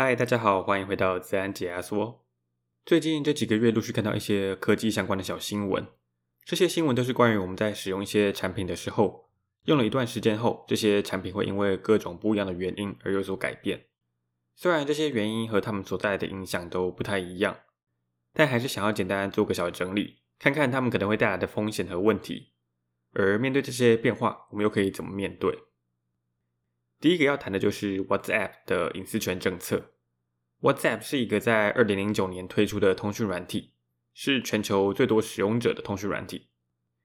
嗨，Hi, 大家好，歡迎回到資安解壓縮。最近這幾個月陸續看到一些科技相關的小新聞，這些新聞都是關於我們在使用一些產品的時候，用了一段時間後，這些產品會因為各種不一樣的原因而有所改變。雖然這些原因和他們所帶來的影響都不太一樣，但還是想要簡單做個小整理，看看他們可能會帶來的風險和問題。而面對這些變化，我們又可以怎麼面對？第一個要談的就是 WhatsApp 的隱私權政策。WhatsApp 是一個在二零零九年推出的通訊軟體，是全球最多使用者的通訊軟體。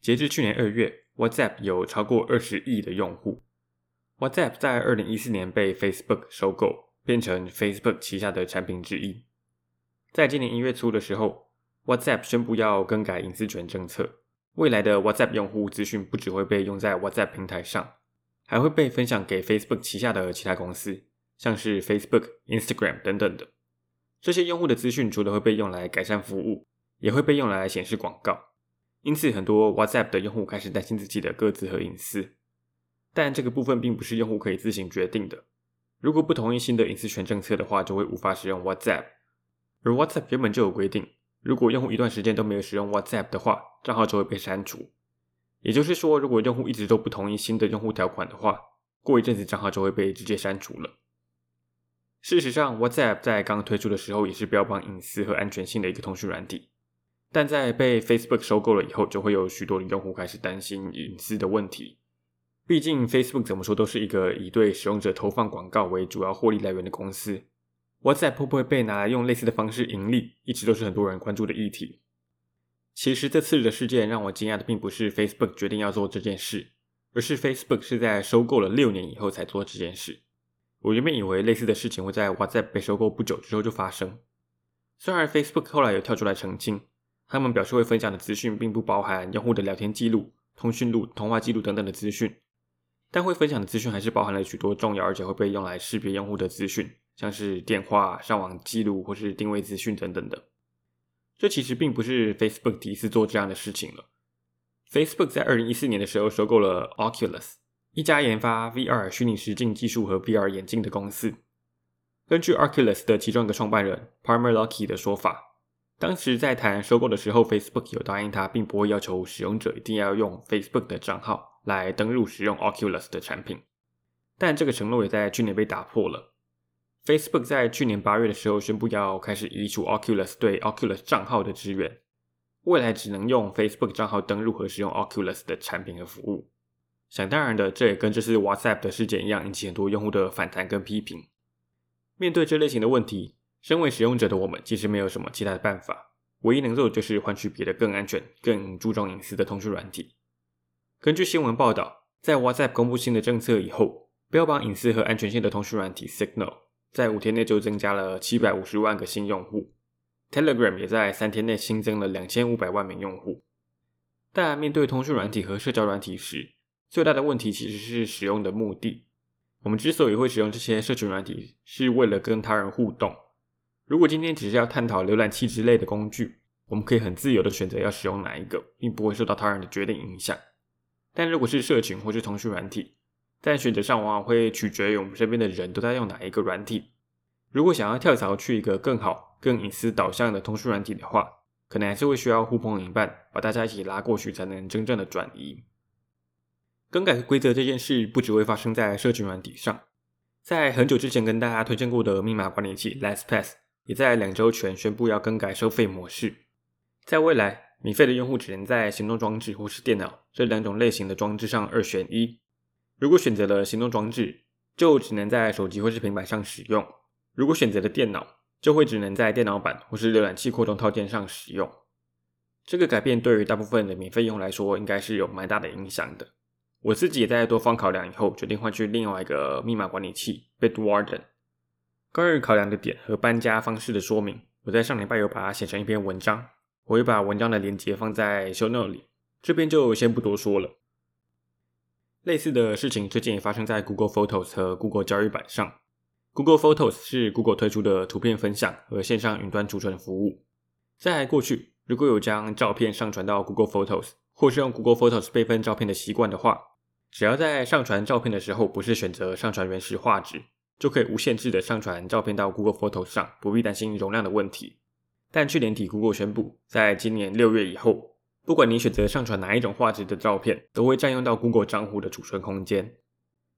截至去年二月，WhatsApp 有超過二十億的用戶。WhatsApp 在二零一四年被 Facebook 收購，變成 Facebook 旗下的產品之一。在今年一月初的時候，WhatsApp 宣布要更改隱私權政策，未來的 WhatsApp 用戶資訊不只會被用在 WhatsApp 平台上。還會被分享給 Facebook 旗下的其他公司，像是 Facebook、Instagram 等等的。這些用戶的資訊除了會被用來改善服務，也會被用來顯示廣告。因此，很多 WhatsApp 的用戶開始擔心自己的個資和隱私。但這個部分並不是用戶可以自行決定的。如果不同意新的隱私權政策的話，就會無法使用 WhatsApp。而 WhatsApp 原本就有規定，如果用戶一段時間都沒有使用 WhatsApp 的話，賬號就會被刪除。也就是說，如果用戶一直都不同意新的用戶條款的話，過一陣子賬號就會被直接刪除了。事實上，WhatsApp 在剛推出的時候也是標榜隱私和安全性的一個通訊軟體，但在被 Facebook 收購了以後，就會有許多的用戶開始擔心隱私的問題。畢竟，Facebook 怎麼說都是一個以對使用者投放廣告為主要獲利來源的公司，WhatsApp 會不會被拿來用類似的方式盈利，一直都是很多人關注的議題。其實這次的事件讓我驚訝的並不是 Facebook 決定要做這件事，而是 Facebook 是在收購了六年以後才做這件事。我原本以為類似的事情會在 WhatsApp 被收購不久之後就發生。雖然 Facebook 後來有跳出來澄清，他們表示會分享的資訊並不包含用戶的聊天記錄、通訊錄、通話記錄等等的資訊，但會分享的資訊還是包含了許多重要而且會被用來識別用戶的資訊，像是電話、上網記錄或是定位資訊等等的。這其實並不是 Facebook 第一次做這樣的事情了。Facebook 在2014年的時候收購了 Oculus，一家研發 VR 虛擬實境技術和 VR 眼鏡的公司。根據 Oculus 的其中一個創辦人 Palmer Luckey 的說法，當時在談收購的時候，Facebook 有答應他，並不會要求使用者一定要用 Facebook 的賬號來登錄使用 Oculus 的產品。但這個承諾也在去年被打破了。Facebook 在去年八月的時候宣布要開始移除 Oculus 對 Oculus 賬號的支援，未來只能用 Facebook 賬號登入和使用 Oculus 的產品和服務。想當然的，這也跟這次 WhatsApp 的事件一樣，引起很多用戶的反彈跟批評。面對這類型的問題，身為使用者的我們其實沒有什麼其他的辦法，唯一能做的就是換取別的更安全、更注重隱私的通訊軟體。根據新聞報道，在 WhatsApp 公布新的政策以後，標榜隱私和安全性的通訊軟體 Signal。在五天內就增加了七百五十萬個新用戶，Telegram 也在三天內新增了兩千五百萬名用戶。但面對通訊軟體和社交軟體時，最大的問題其實是使用的目的。我們之所以會使用這些社群軟體，是為了跟他人互動。如果今天只是要探討瀏覽器之類的工具，我們可以很自由的選擇要使用哪一個，並不會受到他人的決定影響。但如果是社群或是通訊軟體，但選擇上往往會取決於我們身邊的人都在用哪一個軟體。如果想要跳槽去一個更好、更隱私導向的通訊軟體的話，可能還是會需要呼朋引伴，把大家一起拉過去，才能真正的轉移。更改規則這件事不只會發生在社群軟體上，在很久之前跟大家推薦過的密碼管理器 LastPass 也在兩週前宣布要更改收費模式，在未來，免費的用戶只能在行動裝置或是電腦這兩種類型的裝置上二選一。如果選擇了行動裝置，就只能在手機或是平板上使用；如果選擇了電腦，就會只能在電腦版或是瀏覽器擴充套件上使用。這個改變對於大部分的免費用來說，應該是有蠻大的影響的。我自己也在多方考量以後，決定換去另外一個密碼管理器 Bitwarden。關於考量的點和搬家方式的說明，我在上禮拜有把它寫成一篇文章，我會把文章的鏈接放在 show note 裡，這邊就先不多說了。類似的事情最近也發生在 Google Photos 和 Google 教育版上。Google Photos 是 Google 推出的圖片分享和線上雲端儲存服務。在過去，如果有將照片上傳到 Google Photos 或是用 Google Photos 備份照片的習慣的話，只要在上傳照片的時候不是選擇上傳原始畫質，就可以無限制的上傳照片到 Google Photos 上，不必擔心容量的問題。但去年底 Google 宣佈，在今年六月以後，不管你選擇上傳哪一種畫質的照片，都會占用到 Google 賬戶的儲存空間。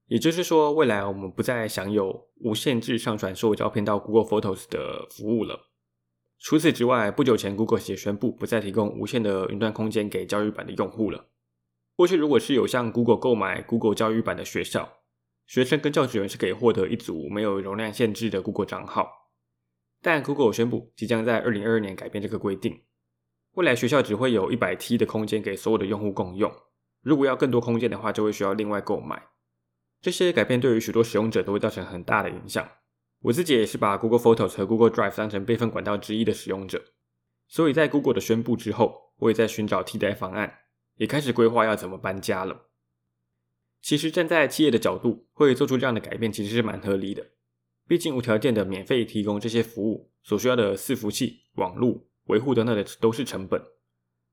也就是說，未來我們不再享有無限制上傳所有照片到 Google Photos 的服務了。除此之外，不久前 Google 也宣布不再提供無限的雲端空間給教育版的用戶了。過去如果是有向 Google 購買 Google 教育版的學校，學生跟教職員是可以獲得一組沒有容量限制的 Google 賬號。但 Google 宣布即將在2022年改變這個規定。未來學校只會有 100T 的空間給所有的用戶共用，如果要更多空間的話，就會需要另外購買。這些改變對於許多使用者都會造成很大的影響。我自己也是把 Google Photos 和 Google Drive 當成備份管道之一的使用者，所以在 Google 的宣佈之後，我也在尋找替代方案，也開始規劃要怎麼搬家了。其實站在企業的角度，會做出這樣的改變其實是蠻合理的，畢竟無條件的免費提供這些服務所需要的伺服器、網路。維護等等的那都是成本。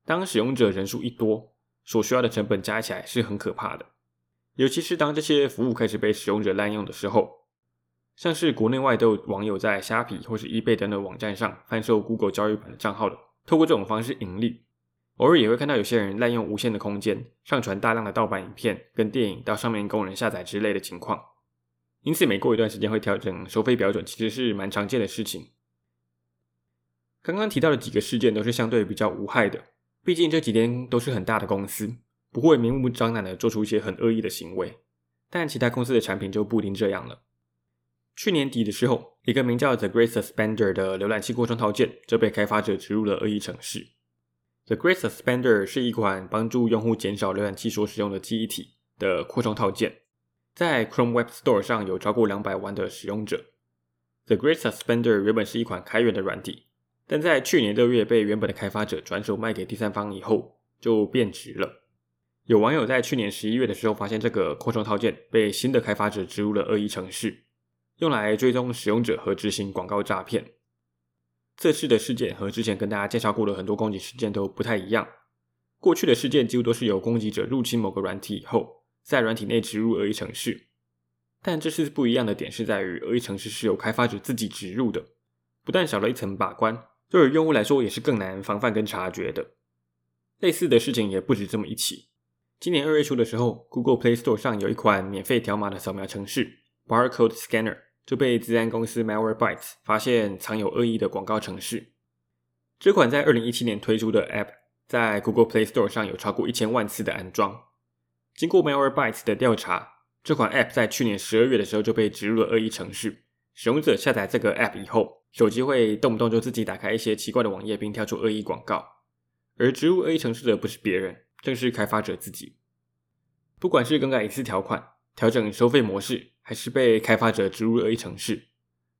當使用者人數一多，所需要的成本加起來是很可怕的。尤其是當這些服務開始被使用者濫用的時候，像是國內外都有網友在蝦皮或是 eBay 等等網站上販售 Google 教育版的賬號的，透過這種方式盈利。偶爾也會看到有些人濫用無限的空間，上傳大量的盜版影片跟電影到上面供人下載之類的情況。因此，每過一段時間會調整收費標準，其實是蠻常見的事情。剛剛提到的幾個事件都是相對比較無害的，畢竟這幾天都是很大的公司，不會明目張膽的做出一些很惡意的行為。但其他公司的產品就不一定這樣了。去年底的時候，一個名叫 The Great Suspender 的瀏覽器擴充套件，就被開發者植入了惡意程式。The Great Suspender 是一款幫助用戶減少瀏覽器所使用的記憶體的擴充套件，在 Chrome Web Store 上有超過兩百萬的使用者。The Great Suspender 原本是一款開源的軟體。但在去年六月被原本的開發者轉手賣給第三方以後，就變質了。有網友在去年十一月的時候發現，這個擴充套件被新的開發者植入了惡意程式，用來追蹤使用者和執行廣告詐騙。這次的事件和之前跟大家介紹過的很多攻擊事件都不太一樣。過去的事件幾乎都是由攻擊者入侵某個軟體以後，在軟體內植入惡意程式，但這次不一樣的點是在於，惡意程式是由開發者自己植入的，不但少了一層把關。對於用戶來說，也是更難防範跟察覺的。類似的事情也不止這麼一起。今年二月初的時候，Google Play Store 上有一款免費條碼的掃描程式 （Barcode Scanner） 就被資安公司 Malwarebytes 發現藏有惡意的廣告程式。這款在二零一七年推出的 App 在 Google Play Store 上有超過一千萬次的安裝。經過 Malwarebytes 的調查，這款 App 在去年十二月的時候就被植入了惡意程式。使用者下載這個 App 以後，手機會動不動就自己打開一些奇怪的網頁，並跳出惡意廣告。而植入惡意程式的不是別人，正是開發者自己。不管是更改隱私條款、調整收費模式，還是被開發者植入惡意程式，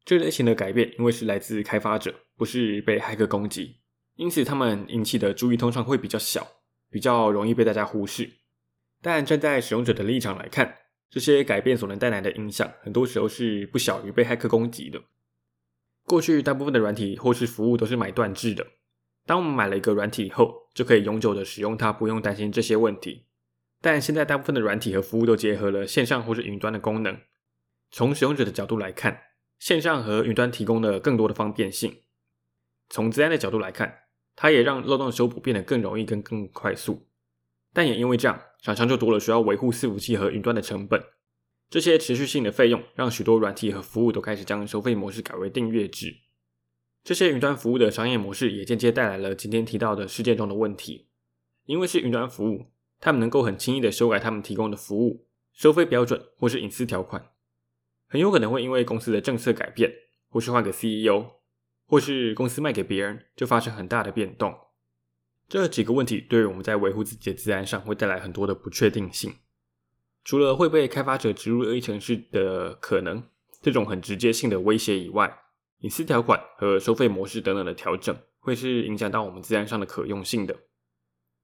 這類型的改變因為是來自開發者，不是被駭客攻擊，因此他們引起的注意通常會比較小，比較容易被大家忽視。但站在使用者的立場來看，這些改變所能帶來的影響，很多時候是不小於被駭客攻擊的。過去大部分的軟體或是服務都是買斷制的，當我們買了一個軟體以後，就可以永久的使用它，不用擔心這些問題。但現在大部分的軟體和服務都結合了線上或是雲端的功能。從使用者的角度來看，線上和雲端提供了更多的方便性；從資安的角度來看，它也讓漏洞修補變得更容易跟更快速。但也因為這樣，廠商就多了需要維護伺服器和雲端的成本。這些持續性的費用，讓許多軟體和服務都開始將收費模式改為訂閱制。這些雲端服務的商業模式也間接帶來了今天提到的事件中的問題。因為是雲端服務，他們能夠很輕易的修改他們提供的服務、收費標準或是隱私條款。很有可能會因為公司的政策改變，或是換個 CEO，或是公司賣給別人，就發生很大的變動。這幾個問題對於我們在維護自己的資安上，會帶來很多的不確定性。除了會被開發者植入惡意程序的可能，這種很直接性的威脅以外，隱私條款和收費模式等等的調整，會是影響到我們資源上的可用性的。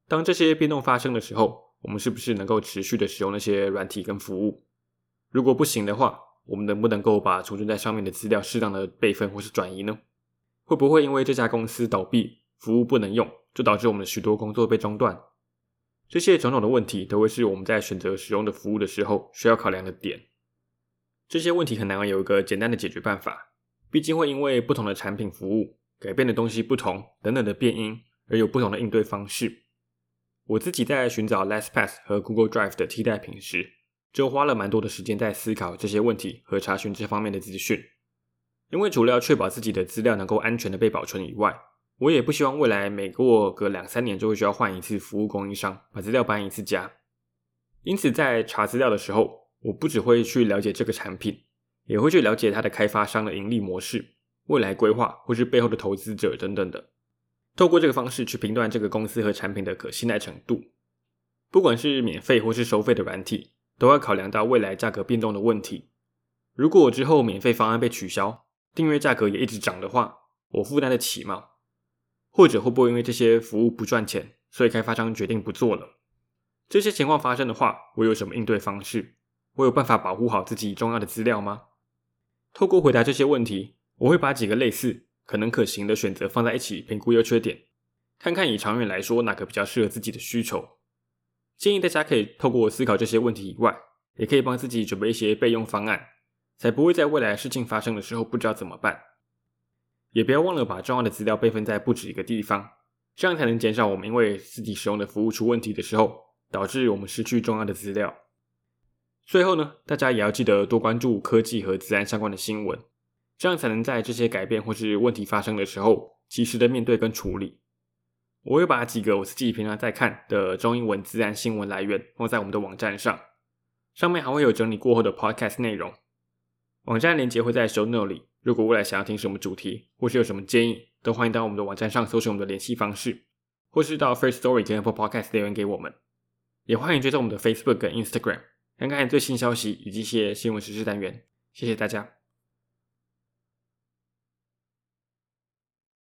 當這些變動發生的時候，我們是不是能夠持續的使用那些軟體跟服務？如果不行的話，我們能不能夠把儲存在上面的資料適當的備份或是轉移呢？會不會因為這家公司倒閉，服務不能用，就導致我們的許多工作被中斷？這些種種的問題都會是我們在選擇使用的服務的時候需要考量的點。這些問題很難有一個簡單的解決辦法，畢竟會因為不同的產品服務、改變的東西不同等等的變因，而有不同的應對方式。我自己在尋找 LastPass 和 Google Drive 的替代品時，就花了蠻多的時間在思考這些問題和查詢這方面的資訊，因為除了要確保自己的資料能夠安全的被保存以外，我也不希望未來每過個兩三年就會需要換一次服務供應商，把資料搬一次家。因此，在查資料的時候，我不只會去了解這個產品，也會去了解它的開發商的盈利模式、未來規劃或是背後的投資者等等的。透過這個方式去評斷這個公司和產品的可信賴程度。不管是免費或是收費的軟體，都要考量到未來價格變動的問題。如果我之後免費方案被取消，訂閱價格也一直漲的話，我負擔得起嗎？或者會不會因為這些服務不賺錢，所以開發商決定不做了？這些情況發生的話，我有什麼應對方式？我有辦法保護好自己重要的資料嗎？透過回答這些問題，我會把幾個類似、可能可行的選擇放在一起評估優缺點，看看以長遠來說哪個比較適合自己的需求。建議大家可以透過思考這些問題以外，也可以幫自己準備一些備用方案，才不會在未來事情發生的時候不知道怎麼辦。也不要忘了把重要的資料備份在不止一個地方，這樣才能減少我們因為自己使用的服務出問題的時候，導致我們失去重要的資料。最後呢，大家也要記得多關注科技和資安相關的新聞，這樣才能在這些改變或是問題發生的時候，及時的面對跟處理。我會把幾個我自己平常在看的中英文資安新聞來源放在我們的網站上，上面還會有整理過後的 Podcast 內容，網站鏈接會在 Show Note 裡。如果未來想要聽什麼主題，或是有什麼建議，都歡迎到我們的網站上搜尋我們的聯繫方式，或是到 Firstory 及 Apple Podcast 留言給我們。也歡迎追蹤我們的 Facebook 跟 Instagram，來看看最新消息以及一些新聞時事單元。謝謝大家。